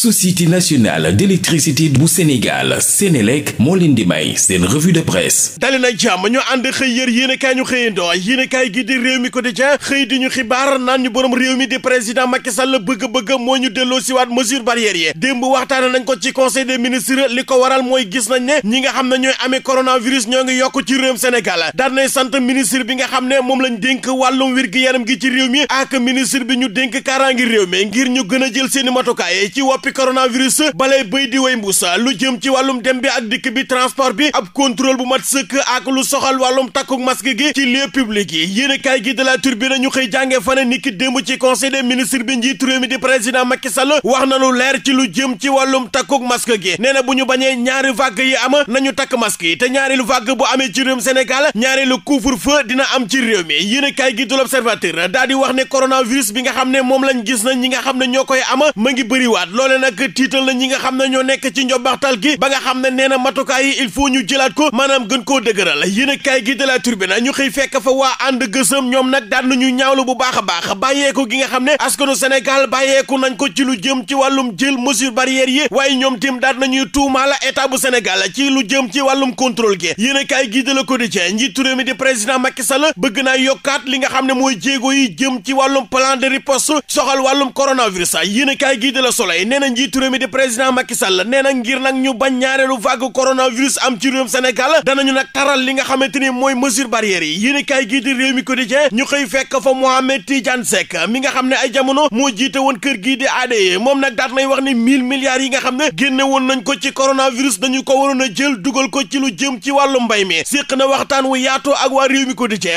société nationale d'électricité bu Sénégal Sénélec moo leen di may seen revue de presse dali na jàmm ñu ànd xëy yër yéen a ñu xëyandoo yéen a gi di réew mi quotidien xëy di ñu xibaar naan ñu borom réew mi di président Macky Sall bëgg-bëgg moo ñu delloo siwaat mesure barrière yi démb waxtaane nañ ko ci conseil des ministres li ko waral mooy gis nañ ne ñi nga xam ne ñooy amee coronavirus ñoo ngi yokk ci réewum Sénégal daan nay sant ministre bi nga xam ne moom lañ dénk wàllum wér-gi-yaram gi ci réew mi ministre bi ñu dénk kaaraangi réew mi ngir ñu gën a jël seeni matukaay ci fi coronavirus balay bëy di way mbuusa lu jëm ci wàllum dem bi ak dikk bi transport bi ab contrôle bu mat sëkk ak lu soxal wàllum takkuk masque gi ci lieu public yi yéen kaay gi de la turbine ñu xëy jàngee fane ni ki démb ci conseil des ministres bi njiit réew mi di président Macky Sall wax na lu leer ci lu jëm ci wàllum takkuk masque gi nee na bu ñu bañee ñaari vague yi am nañu takk masque yi te ñaareelu vague bu amee ci réewum Sénégal ñaareelu couvre-feu am ci réew mi yéen kaay gi de l'observateur daal di wax ne coronavirus bi nga xam ne moom lañ gis nañ ñi nga xam ne ñoo koy ama ma ngi bëriwaat loole nag tiital na ñi nga xam na ñoo nekk ci njobbaxtal gi ba nga xam ne nee na matukaay yi il faut ñu jëlaat ko maanaam gën koo dëgëral a kaay gi de la Tribune ñu xëy fekk fa waa ànd gësëm ñoom nag daan nañu ñaawlu bu baax a baax bàyyeeku gi nga xam ne askanu Sénégal bàyyeeku nañ ko ci lu jëm ci wàllum jël mesure barrière yi waaye ñoom tim daan nañuy tuumaala état bu Sénégal ci lu jëm ci wàllum contrôle gi yéen a kaay gi de la Quotidien njiitu réew mi di président Macky Sall bëgg naa yokkaat li nga xam ne mooy jéego yi jëm ci wàllum plan de riposte soxal wàllum coronavirus a kaay gi de la Soleil nee na njiitu réew mi di président Macky Sall nee na ngir nag ñu bañ ñaareelu vague coronavirus am ci senegal dana ñu na taral li nga xamante ni mooy mesure barrière yi yéen kaay gii di réew mi quotidien ñu xëy fekk fa Mohamed Tidiane Seck mi nga xam ne ay jamono moo jiite woon kër gii di ADE moom nag daat nay wax ni mille milliards yi nga xam ne génne woon nañ ko ci coronavirus dañu ko waroon a jël dugal ko ci lu jëm ci wàllu mbay mi séq na waxtaan wu yaatoo ak waa réew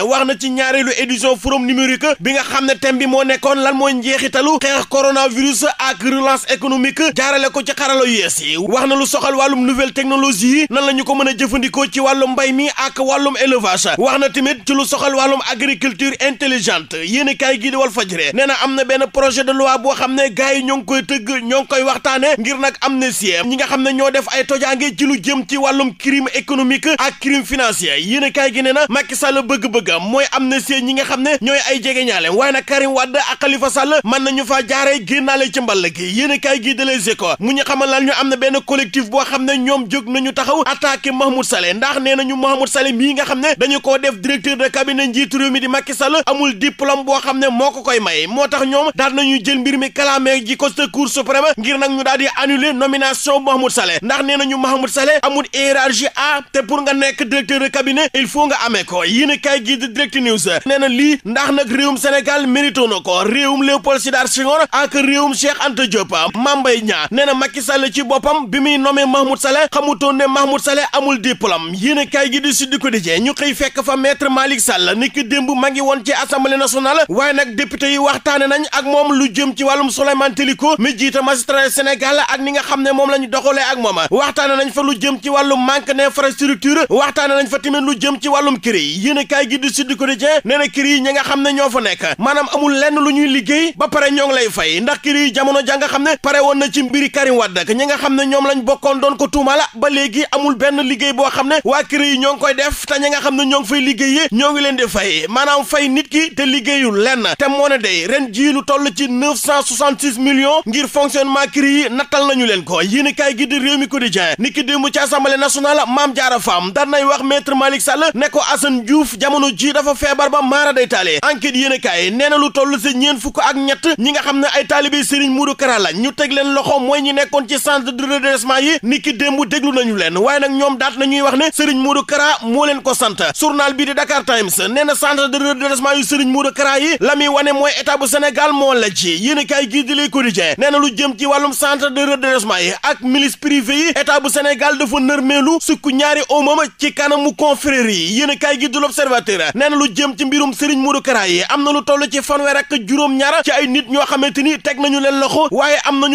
wax na ci ñaareelu édition forum numérique bi ne thème bi moo nekkoon lan mooy njeexitalu xeex coronavirus ak relance économique économique jaarale ko ci xarala yu wax na lu soxal wàllum nouvelle technologie yi nan la ñu ko mën a jëfandikoo ci wàllum mbay mi ak wàllum élevage wax na tamit ci lu soxal wàllum agriculture intelligente yéen i kaay gii di Walf Fadjri nee na am na benn projet de loi boo xam ne gars yi ñoo ngi koy tëgg ñoo ngi koy waxtaane ngir nag amnistie ñi nga xam ne ñoo def ay tojaange ci lu jëm ci wàllum crime économique ak crime financier yéen i kaay gi nee na Macky Sall bëgg-bëggam mooy amnistie ñi nga xam ne ñooy ay jegeñaale waaye nag Karim Wade ak Khalifa Sall mën nañu faa jaaree génnaale ci gi yéen gi bi de Les Échos mu ñu xamal lan ñu am na benn collectif boo xam ne ñoom jóg nañu taxaw attaqué Mahmoud Saleh ndax nee nañu Mahmoud Saleh mii nga xam ne dañu ko def directeur de cabinet njiitu réew mi di Macky Sall amul diplôme boo xam ne moo ko koy may moo tax ñoom daal nañu jël mbir mi kalaamee ji ko sa Cour suprême ngir nag ñu daal di annuler nomination Mahmoud Saleh ndax nee nañu Mahmoud Saleh amul hiérarchie A te pour nga nekk directeur de cabinet il faut nga ame ko yéen a kaay gi di Direct News nee na lii ndax nag réewum Sénégal na ko réewum Léopold Sédar Senghor ak réewum Cheikh Anta Diop Mbaye Niang nee na Macky Sall ci boppam bi muy nommé Mahmoud Saleh xamutoon ne Mahmoud Saleh amul diplôme yéen kaay gi di Sud Quotidien ñu xëy fekk fa maître Malick Sall ni dem bu ma ngi woon ci assemblée nationale waaye nag député yi waxtaane nañ ak moom lu jëm ci wàllum Souleymane Téliko mi jiite magistrat Sénégal ak ni nga xam ne moom la ñu doxalee ak moom waxtaane nañ fa lu jëm ci wàllum manque d'infrastructure waxtaane nañ fa tamit lu jëm ci wàllum kër yi yéen gi di Sud Quotidien nee na kër yi ñi nga xam ne ñoo fa nekk maanaam amul lenn lu ñuy liggéey ba pare ñoo ngi lay fay ndax kër yi jamono ja xam woon na ci mbiri Karim Wade ak ñi nga xam ne ñoom lañ bokkoon doon ko tuumala ba léegi amul benn liggéey boo xam ne waa CREI yi ñoo ngi koy def te ñi nga xam ne ñoo ngi fay liggéey ñoo ngi leen di fay maanaam fay nit ki te liggéeyul lenn te moo ne day ren jii lu toll ci 966 millions ngir fonctionnement CREI yi nattal nañu leen ko yéen i kaay gi di réew mi quotidien ni ki démb ci assemblée nationale Mame Diarra Fam daan nay wax maître Malick Sall ne ko Assane Diouf jamono ji dafa feebar ba maara day taale enquête yéen i kaay nee na lu toll si ñeen fukk ak ñett ñi nga xam ne ay taalibe Serigne Modou Kara la ñu teg leen loxo mooy ñi nekkoon ci centre de redressement yi ni ki démb déglu nañu leen waaye nag ñoom daat nañuy wax ne Serigne Modou Kara moo leen ko sant journal bii di Dakar Times nee na centre de redressement yu Serigne Modou Kara yi la wane mooy état bu moo la ci yéen a kaay di Le Quotidien lu jëm ci wàllum centre de redressement yi ak milice privée yi état bu Sénégal dafa nërmeelu sukk ñaari omam ci kanamu confrères yi yéen a kaay gii di L'Observateur nee na lu jëm ci mbirum Serigne Modou Kara yi am na lu toll ci fanweer ak juróom-ñaar ay nit ñoo xamante ni teg nañu leen loxo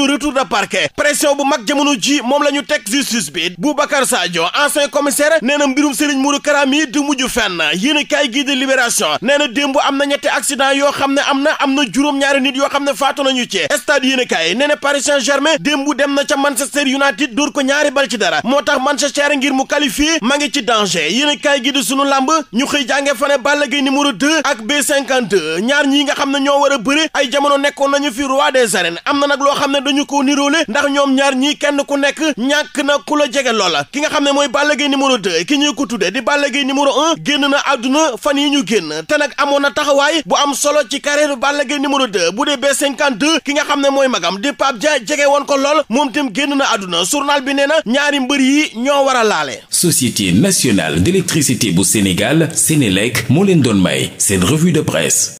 retour de parquet pression bu mag jamono ji moom la ñu teg justice bi Boubacar Sadio ancien commissaire nee mbirum Serigne Modou Kara mi du mujj fenn yéen kaay gi de am na ñetti accident yoo xam ne am na am na juróom-ñaari nit yoo xam ne faatu nañu ci stade yéen kaay nee na Paris saint dem na ca Manchester United dóor ñaari bal ci dara moo tax Manchester ngir mu qualifié ma ci danger yéen kaay gi sunu lamb ñu xëy a mënuñu ko niroole ndax ñoom ñaar ñii kenn ku nekk ñàkk na ku la jege loola ki nga xam ne mooy Balla Gaye numéro 2 ki ñuy ko tuddee di Balla Gaye numéro 1 génn na àdduna fan yi ñu génn te nag amoon na taxawaay bu am solo ci carrière Balla Gaye numéro 2 bu dee B52 ki nga xam ne mooy magam di Pape Dia jege woon ko lool moom tam génn na àdduna journal bi nee na ñaari mbër yi ñoo war a laale. Société nationale d'électricité bu Sénégal Sénélec moo leen doon may seen revue de presse.